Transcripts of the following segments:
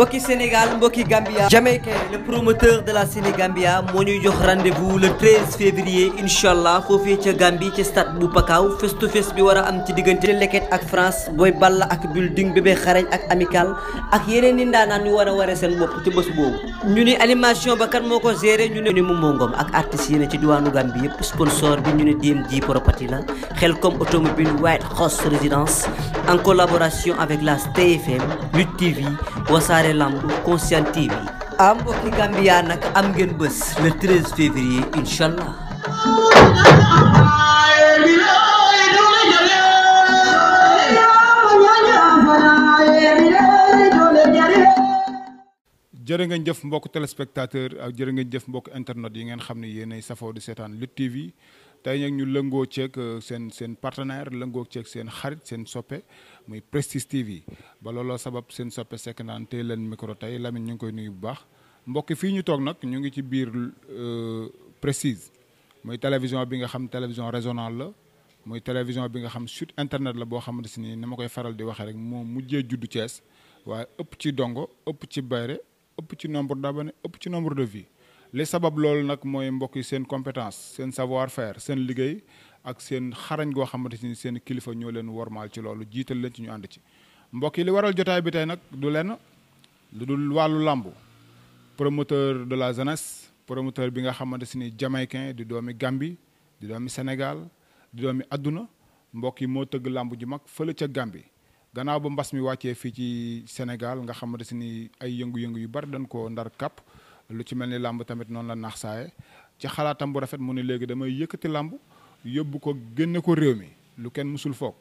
mbokki Sénégal mbokki Gambia Jamaïcain le promoteur de la gambia moo ñuy jox rendez-vous le 13 février incha allah foofee ca Gambie ca stade bu Pakaaw face to face bi war a am ci diggante Leket ak France booy Balla ak building bébé xarañ ak amical ak yeneen ni ndaanaan ñu war a waree seen bopp ci bés boobu. ñu ni animation ba kan moo ko géré ñu ne moom moo ngoom ak artistes yi ne ci diwaanu Gambie yëpp sponsor bi ñu ne DMG Property la xel comme automobile White House Résidence en collaboration avec la STFM Lutte TV. wasaare lamb Conscient TV ah mbokki Gambia nag am ngeen bés le 13 février incha allah. jërë ngeen jëf mbokk téléspectateur ak jërë jëf mbokk internet yi ngeen xam ne yéenay safoo di seetaan Lutte TV tey nag ñu lëngoo ceeg euh, seen seen partenaire lëngoo ceeg seen xarit seen soppe muy Prestige TV ba looloo sabab seen soppe sekk naan tey leen micro tey lamit ñu ngi koy nuyu bu baax mbokk fii ñu toog nag ñu ngi ci biir euh, précise muy télévision bi nga xam télévision régionale la muy télévision bi nga xam site internet la boo xamante si ni ni ma koy faral di waxee rek moo mujjee juddu cees waaye ëpp ci dongo ëpp ci bayre ëpp ci nombre d'abonnés ëpp ci nombre de vi li sabab loolu nag mooy mbokk yi seen compétence seen savoir fair seen liggéey ak seen xarañ goo xamante ni seen kilifa ñoo leen wormaal ci loolu jiital leen ci ñu ànd ci. mbokk yi li waral jotaay bi tey nag du lenn lu dul wàllu làmb promoteur de la jeunesse promoteur bi nga xamante si ni jamaïcain di doomi gàmbi di doomi Sénégal di doomi àdduna mbokk yi moo tëgg làmb ji mag fële ca Gambie. gannaaw ba mbas mi wàccee fii ci Sénégal nga xamante si ni ay yëngu yu bari dañ koo ndar kàpp lu ci mel ni làmb tamit noonu la naax saaye ci xalaatam bu rafet mu ne léegi damay yëkkati làmb yóbbu ko génne ko réew mi lu kenn musul foog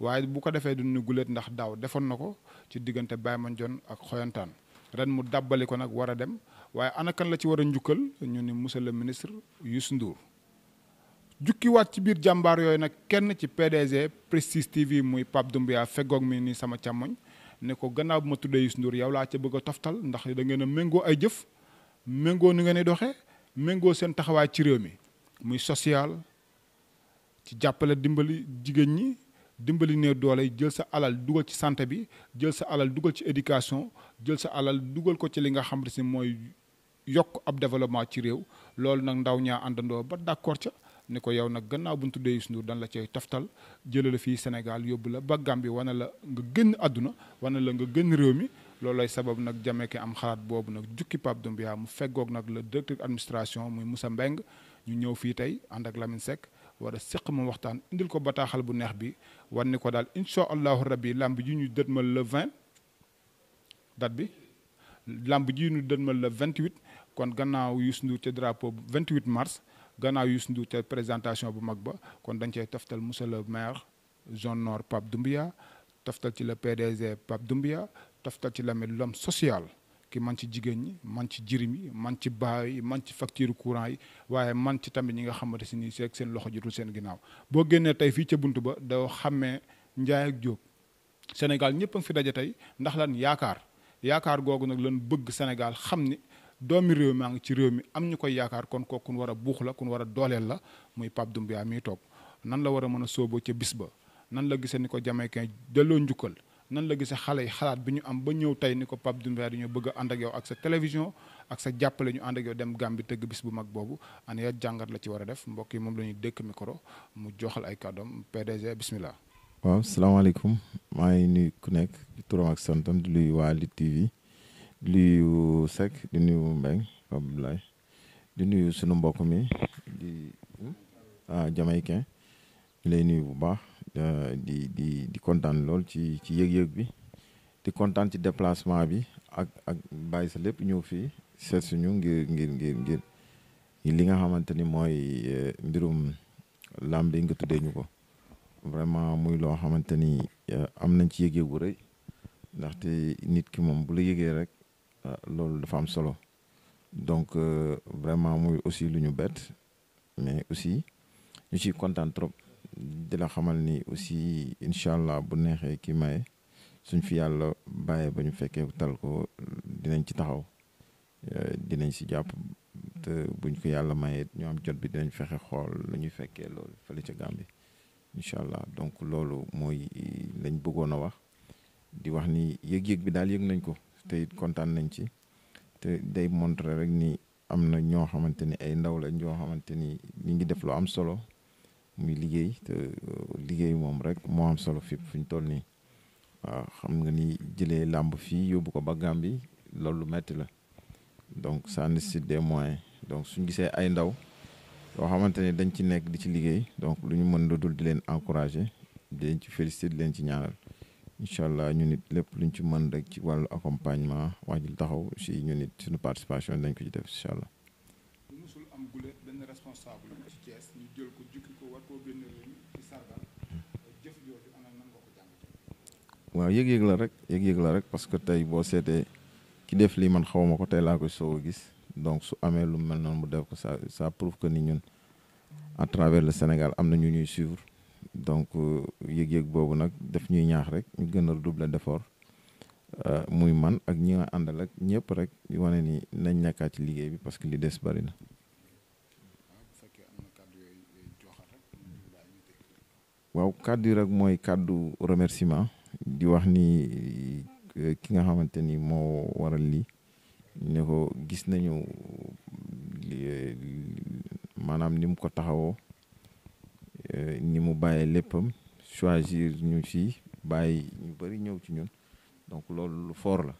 waaye bu ko defee duñu guleet ndax daaw defoon na ko ci diggante Baye jon ak xoyantaan ren mu dàbbali ko nag war a dem waaye anakan la ci war a njukkal ñu ni monsieur le ministre Youssou Ndour jukkiwaat ci biir jàmbaar yooyu nag kenn ci PDG Prestige TV muy Pape Doumbia feggoog mi ni sama càmmoñ ne ko gannaaw bu ma tuddee Youssou yow laa ca bëgg a toftal ndax da ngeen a méngoo ay jëf méngoo nu ngeen di doxee méngoo seen taxawaay ci réew mi muy social ci jàppale dimbali jigéen ñi dimbali néew doole jël sa alal dugal ci santé bi jël sa alal dugal ci éducation jël sa alal dugal ko ci li nga xam si mooy yokk ab développement ci réew loolu nag ndaw ñaa àndandoo ba d'accord ca ni ko yow nag gannaaw bu ñu tuddee Youssou Ndour la cay taftal jëlee la fii Sénégal yóbbu la ba Gambie wana la nga génn àdduna wana la nga génn réew mi. loolu lay sabab nag Jamaïcain am xalaat boobu nag jukki Pape Doumbia mu feggoog nag la directeur administration muy Moussa Mbeng ñu ñëw fii tey ànd ak Lamine Seck war a séq waxtaan indil ko bataaxal bu neex bi war ni ko daal incha allahu rabbi làmb ji ñu dëtmal mal la date bi làmb ji ñu dëtmal le 28 kon gannaaw Youssou Ndour ca drapeau 28 mars gannaaw Youssou Ndour ca présentation bu mag ba kon dañ cey toftal monsieur le maire zone nord Pape Doumbia toftal ci le PDG Pape Doumbia taftal ci lamel lu am social ki man ci jigéen ñi man ci jirim yi man ci baa yi man ci facture courant yi waaye man ci tamit ñi nga xamante si nii seeg seen loxo jotul seen ginnaaw boo génnee tey fii ca bunt ba doo xàmmee njaay ak jóob Sénégal ñëpp a fi daje tey ndax lan yaakaar yaakaar googu nag lan bëgg Sénégal xam ni doomi réew maa ngi ci réew mi am ñu koy yaakaar kon kooku kun war a buux la kun war a dooleel la muy Pape Doumbia miy toog nan la war a mën a sóoboo ca bis ba nan la gisee ni ko jamaïcain delloo njukkal nan la gisee xale yi xalaat bi ñu am ba ñëw tey ni ko Pape Doumbia dañoo bëgg a ànd ak yow ak sa télévision ak sa jàppale ñu ànd ak yow dem Gàmbi tëgg bis bu mag boobu ana ya jàngat la ci war a def mbokk yi moom la ñuy dëkk micro mu joxal ay kàddoom PDG bismillah. waaw salaamaaleykum maa ngi nuyu ku nekk turam ak santam di nuyu waa Lutte TV di nuyu Seck di nuyu Mbengue Abdoulaye di nuyu sunu mbokk mi di hmm? ah ñu lay nuyu bu baax euh, di di di kontaan lool ci ci yëg-yëg bi di kontaan ci déplacement bi ak ak bàyyi sa lépp ñëw fii seet suñu ngir ngir ngir ngir li nga xamante ni mooy euh, mbirum làmb yi nga tuddee ñu ko vraiment muy loo xamante ni euh, am nañ ci yëg-yëg bu rëy ndaxte nit ki moom bu la yëgee rek loolu dafa am solo donc vraiment muy aussi lu ñu bett mais aussi ñu ciy kontaan trop. di la xamal ni aussi incha allah bu neexee ki maye suñ fi yàlla bàyyee ba ñu fekkee tal ko dinañ ci taxaw eh, dinañ si jàpp te buñ ko yàlla mayee ñoo am jot bi dinañ fexe xool lu ñuy fekkee loolu ci ca Gàmbi incha allah donc loolu mooy lañ bëggoon a wax di wax ni yëg-yëg bi daal yëg nañ ko te it kontaan nañ ci te day montré rek nii am na ñoo xamante ni ay ndaw lañ ñoo xamante ni ñu ngi def lu am solo. muy liggéey te euh, liggéey moom rek moo am solo fépp fu ñu toll nii waaw xam nga ni jëlee làmb fii yóbbu ko ba Gambie loolu lu metti la donc ça nécessite des moyens donc suñ gisee ay ndaw yoo xamante ne dañ ci nekk di ci liggéey donc lu ñu mën lu dul di leen encourager di leen ci féliciter di leen ci ñaanal incha allah ñu nit lépp lu luñ ci mën rek ci wàllu accompagnement waajul taxaw si ñu nit suñu participation dañ ko ci def incha allah. musul waaw yëg-yëg la rek yëg-yëg la rek parce que tey boo seetee ki def lii man xawma ko tey laa koy soog a gis donc su amee lu mel noonu mu def ko sa ça prouve que ni ñun à travers le Sénégal am na ñu ñuy suivre donc euh, yëg-yëg boobu nag def ñuy ñaax rek ñu gën a redoubler d'effort euh, muy man ak ñi nga àndal ñëpp rek wane ni nañ nekkaat ci liggéey bi parce que li des bari na. waaw kàddu yi rek mooy kàddu remerciement. di wax nii ki nga xamante ni moo waral lii ni ko gis nañu maanaam ni mu ko taxawoo ni mu bàyyee léppam choisir ñu ci bàyyi ñu bari ñëw ci ñun donc loolu lu foor la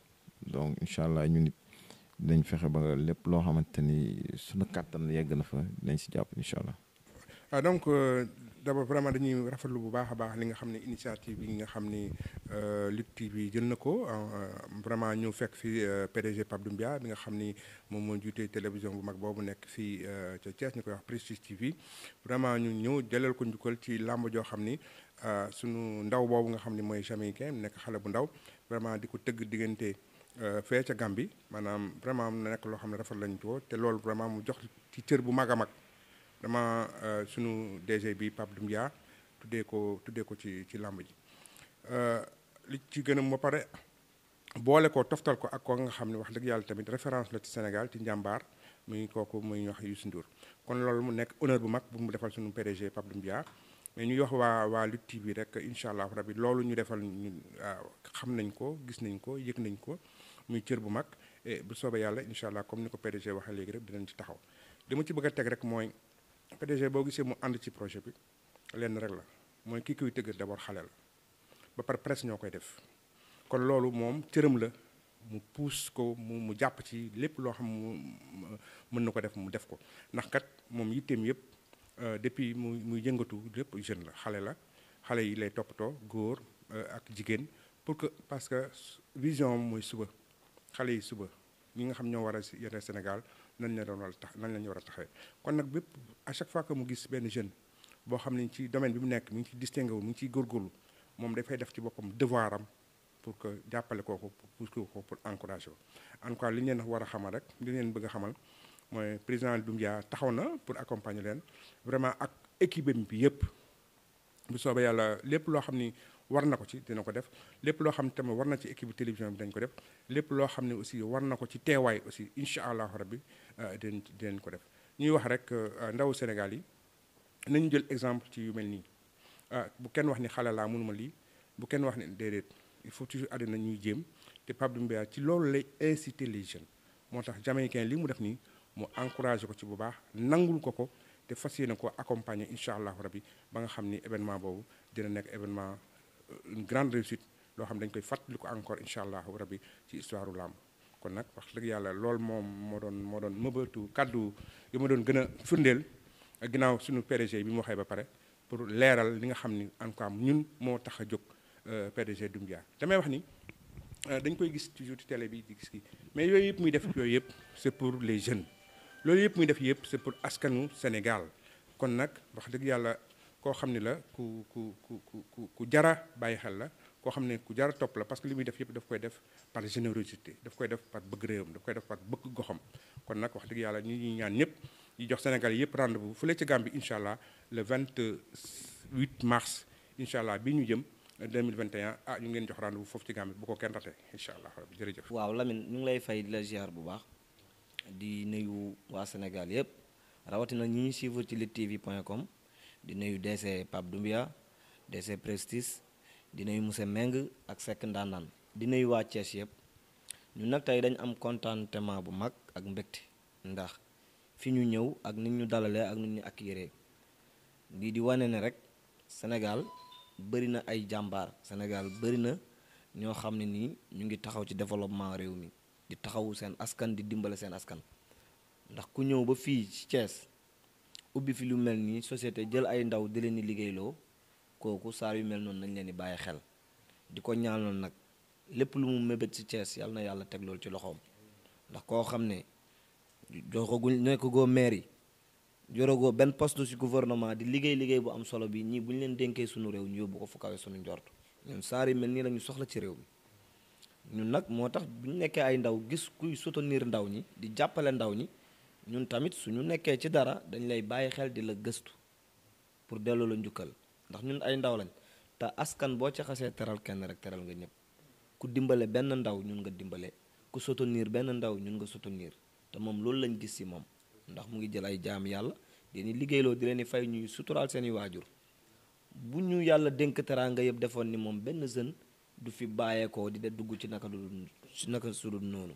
donc incha allah ñun nit dañ fexe ba lépp loo xamante ni suñu kàttan yegg na fa dañ si jàpp incha allah. Ah, euh, d'abord vraiment dañuy rafetlu bu baax a baax li nga xam ne initiative yi nga xam ni euh, Lutte TV jël na ko euh, vraiment ñëw fekk fi euh, PDG Pape Doumbia bi nga xam ni moom moo jiite télévision bu mag boobu nekk fii ca Thiès ñu koy wax Prestige TV vraiment ñu ñëw jëlal ko njukkal ci làmb joo xam ni sunu ndaw boobu nga xam ni mooy Jamaïcain nekk xale bu ndaw vraiment di ko tëgg diggante fee ca Gambie maanaam vraiment mu nekk loo xam ne rafet lañu ko te loolu vraiment mu jox ci cër bu mag a mag. dama euh, sunu DG bi Pape Doumbia tuddee ko tuddee ko ci ci làmb ji euh, li ci gën a ma pare boole ko toftal ko ak ko nga xam ne wax dëgg yàlla tamit référence la ci Sénégal ci njàmbaar muy kooku muy wax yu Youssou Ndour kon loolu mu nekk honneur bu mag bu mu defal sunu PDG Pape Doumbia mais ñuy wax waa waa Lutte TV rek incha allah rabi loolu ñu defal ñun xam nañ ko gis nañ ko yëg nañ ko muy cër bu mag bu soobee yàlla incha allah comme ni ko PDG waxee léegi rek dinañ ci taxaw li ma ci bëgg a teg rek mooy. PDG boo gisee mu ànd ci projet bi lenn rek la mooy kii koy tëgg d'abord xale la ba par presse ñoo koy def kon loolu moom cëram la mu puus ko mu mu jàpp ci lépp loo xam mu mën na ko def mu def ko ndax kat moom yitteem yëpp euh, depuis mu muy yëngatu lépp jeune la xale la xale yi lay toppatoo góor euh, ak jigéen pour que parce que vision mooy suba xale yi suba ñi nga xam ñoo war a yore Sénégal nañ la doon war a tax la ñu war a taxawee kon nag bépp à chaque fois que mu gis benn jeune boo xam ne ci domaine bi mu nekk mi ngi ci distingué wu ngi ngi ciy góorgóorlu moom dafay def ci boppam devoir pour que jàppale kooku pour ko pour encourager ko en tout cas li ñu leen war a xamal rek li ñu leen bëgg a xamal mooy président Doumbia taxaw na pour accompagner leen vraiment ak équipe bi yëpp bu soobee yàlla lépp loo xam ni. war na ko ci dina ko def lépp loo xam ne tamit war na ci équipe télévision bi dañ ko def lépp loo xam ne aussi war na ko ci teewaay aussi incha allahu rabbi euh, dinañ dinañ ko def ñuy wax rek euh, ndaw Sénégal yi nañu jël exemple ci yu mel nii euh, bu kenn wax ni xalalaa laa mënuma lii bu kenn wax ne déedéet il faut toujours àddina ñuy jéem te Pape Doumbia ci loolu lay inciter les jeunes moo tax jamaïcain li mu def nii mu encouragé ko ci bu baax nangul ko ko te fas yéene ko accompagner incha allahu rabbi ba nga xam ni événement boobu dina nekk événement une grande réussite loo xam dañ koy fàttali ko encore incha allahu rabbi ci histoire u làmb kon nag wax dëgg yàlla loolu moom moo doon moo doon mëbatu kàddu yi ma doon gën a firndeel ginnaaw suñu PDG bi mu waxee ba pare pour leeral li nga xam ni en ñun moo tax a jóg euh, PDG Doumbia damay wax ni euh, dañ koy gis toujours ci télé bi di gis kii mais yooyu yëpp muy def yooyu yëpp c'est pour les jeunes loolu yëpp muy def yëpp c'est pour askanu Sénégal yàlla koo xam ne la ku ku ku ku ku jara bàyyi xel la koo xam ne ku jara topp la parce que li muy def yëpp daf koy def par générosité daf koy def par bëgg réewam daf koy def par bëgg goxam kon nag wax dëgg yàlla ñi ñuy ñaan ñëpp di jox Sénégal yëpp rendez-vous fële ci Gambie incha allah le 28 mars incha allah bi ñu jëm 2021 ah ñu ngi leen jox rendez-vous foofu ci Gambie bu ko kenn rate incha allah rabbi jërëjëf. waaw Lamine ñu lay fay di la ziar bu baax di nuyu waa Sénégal yëpp rawatina ñi ñu suivre ci luttetv.com. di nuyu DC Pape Doumbia DC Prestige di nuyu monsieur Meng ak sekk Ndandan di nuyu waa Thiès yëpp ñun nag tey dañ am contentement bu mag ak mbégte ndax fi ñu ñëw ak nit ñu dalalee ak nit ñu ak yére lii di wane ne rek Sénégal bëri na ay jàmbaar Sénégal bëri na ñoo xam ne nii ñu ngi taxaw ci développement réew mi di taxawu seen askan di dimbale seen askan ndax ku ñëw ba fii ci Thiès. ubbi fi lu mel nii société jël ay ndaw di leen di liggéeyloo kooku saar yu mel noonu nañ leen di bàyyi xel di ko ñaanal nag lépp lu mu mébét ci Thiès yal na yàlla teg loolu ci loxoom ndax koo xam ne joxaguñ nekkagoo maire yi yoragoo benn poste ci gouvernement di liggéey liggéey bu am solo bi ñii bu ñu leen dénkee suñu réew ñu yóbbu ko fu kawe njort ñun saar yu mel nii la ñu soxla ci réew mi ñun nag moo tax bu ñu nekkee ay ndaw gis kuy soutenir ndaw ñi di jàppale ndaw ñi ñun tamit su ñu nekkee ci dara dañ lay bàyyi xel di la gëstu pour delloo la njukkal ndax ñun ay ndaw lañ te askan boo ci xasee teral kenn rek teral nga ñëpp ku dimbale benn ndaw ñun nga dimbale ku soutenir benn ndaw ñun nga soutenir te moom loolu lañ gis ci moom ndax mu ngi jël ay jaam yàlla dini liggéeyloo di leen di fay ñuy suturaal seeni waajur bu ñu yàlla dénk teraanga yëpp defoon ni moom benn jeune du fi bàyyeekoo di de dugg ci naka su naka sudul noonu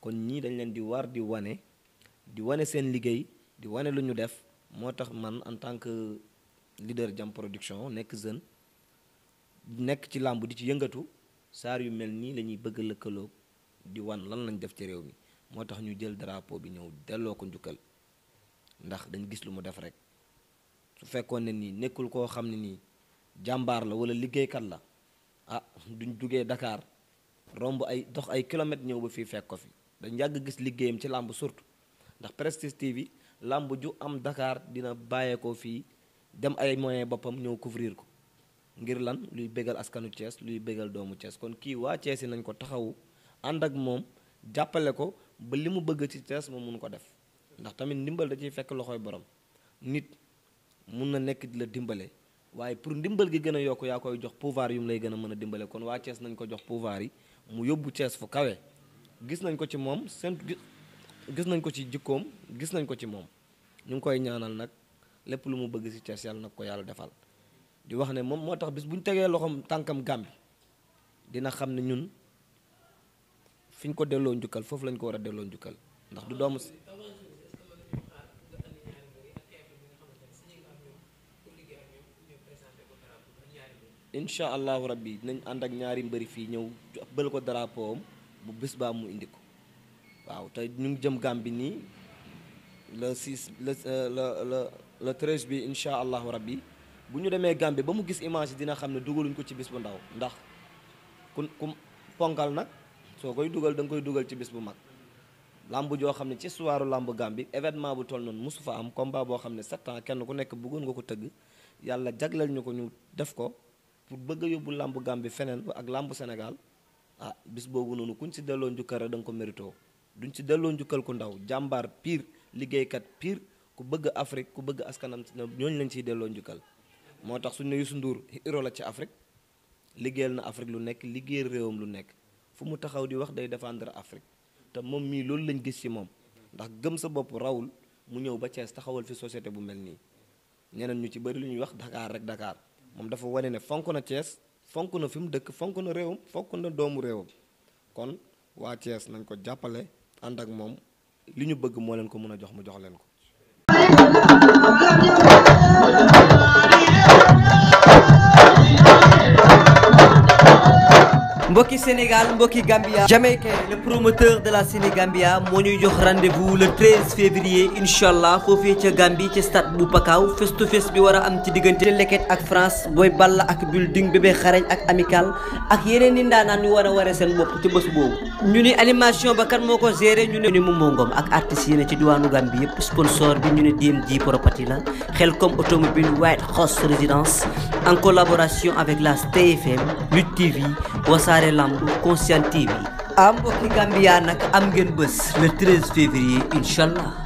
kon ñii dañ leen di war di wane di wane seen liggéey di wane lu ñu def moo tax man en tant que leader jam production nekk jeune nekk ci làmb di ci yëngatu saar yu mel nii la ñuy bëgg lëkkaloo di wan lan lañ def ci réew mi moo tax ñu jël drapeau bi ñëw delloo ko njukkal ndax dañ gis lu mu def rek su fekkoon ne nii nekkul koo xam ne nii jàmbaar la wala liggéeykat la ah duñ jugee Dakar romb ay dox ay kilomètres ñëw ba fii fekk ko fi dañ yàgg gis liggéeyam ci làmb surtout ndax Prestige TV làmb ju am dakaar dina bàyyeekoo fii dem ay moyen boppam ñëw couvrir ko ngir lan luy bégal askanu Thiès luy bégal doomu cees kon kii waa Thiès yi nañ ko taxawu ànd ak moom jàppale ko ba li mu bëgg ci Thiès moom mun ko def ndax tamit ndimbal da ciy fekk loxoy borom nit mun na nekk di la dimbale waaye pour ndimbal gi gën a yokk yaa koy jox pouvoir yu lay gën a mën a dimbale kon waa Thiès nañ ko jox pouvaar yi mu yóbbu Thiès fu kawe gis nañ ko ci jikkoom gis nañ ko ci moom ñu ngi koy ñaanal nag lépp lu mu bëgg ci Thiès yàlla nag ko yàlla defal di wax ne moom moo tax bis bu ñu tegee loxoom tànkam Gàmbi dina xam ne ñun fi ñu ko delloo njukkal foofu lañ ko war a delloo njukkal ndax du doomu incha allahu rabbi dinañ ànd ak ñaari mbëri fii ñëw bël ko drapeau am bu bis baa mu indi ko waaw te ñu ngi jëm Gàmbi nii le 6 euh, le le le le bi incha allahu bi bu ñu demee Gàmbi ba mu gis image dina xam ne dugaluñ ko ci bis bu ndaw ndax ku ku ponkal nag soo koy dugal da nga koy dugal ci bis bu mag. làmb joo xam ne ci soiru làmb gambi événement bu toll noonu mosu fa am combat boo xam ne sept ans kenn ku nekk bëggoon nga ko tëgg yàlla jagleel ñu ko ñu def ko pour bëgg a yóbbu làmbu Gàmbi feneen ak làmb Sénégal ah bis boobu noonu kuñ si delloo njukkara da nga ko mérito duñ ci delloo njukkal ku ndaw jàmbaar pire liggéeykat piir ku bëgg Afrique ku bëgg askanam ñooñ lañ ciy delloo njukkal moo tax suñ ne Youssou Ndour héros la ci Afrique liggéeyal na Afrique lu nekk liggéeyal réewam lu nekk fu mu taxaw di wax day défendre Afrique te moom mii loolu lañ gis ci moom ndax gëm sa bopp rawul mu ñëw ba Thiès taxawal fi société bu mel nii ñeneen ñu ci bëri lu ñuy wax Dakar rek dakaar moom dafa wane ne fonk na Thiès fonk na fi mu dëkk fonk na réewam fonk na doomu réewam kon waa Thiès nañ ko jàppale ànd ak moom li ñu bëgg moo leen ko mën a jox mu jox leen ko mbokki Sénégal mbokki Gambia Jamaïcain le promoteur de la Sénégambia moo ñuy jox rendez-vous le 13 février incha allah foofee ca Gambie ca stade bu Pakao face to face bi war a am ci diggante Leket ak France booy Balla ak building bébé xarañ ak amical ak yeneen i ndaanaan ñu war a waree seen bopp ci bés boobu. ñu ni animation ba kan moo ko géré ñu ne. ñu ne Momo Ngom ak artistes yi ne ci diwaanu Gambie yëpp sponsor bi ñu ne DMG Property la xel comme automobile White House Résidence en collaboration avec la TFM Lutte wasaare lamb Conscient TV am mbokki Gambia nag am ngeen bés le 13 février incha allah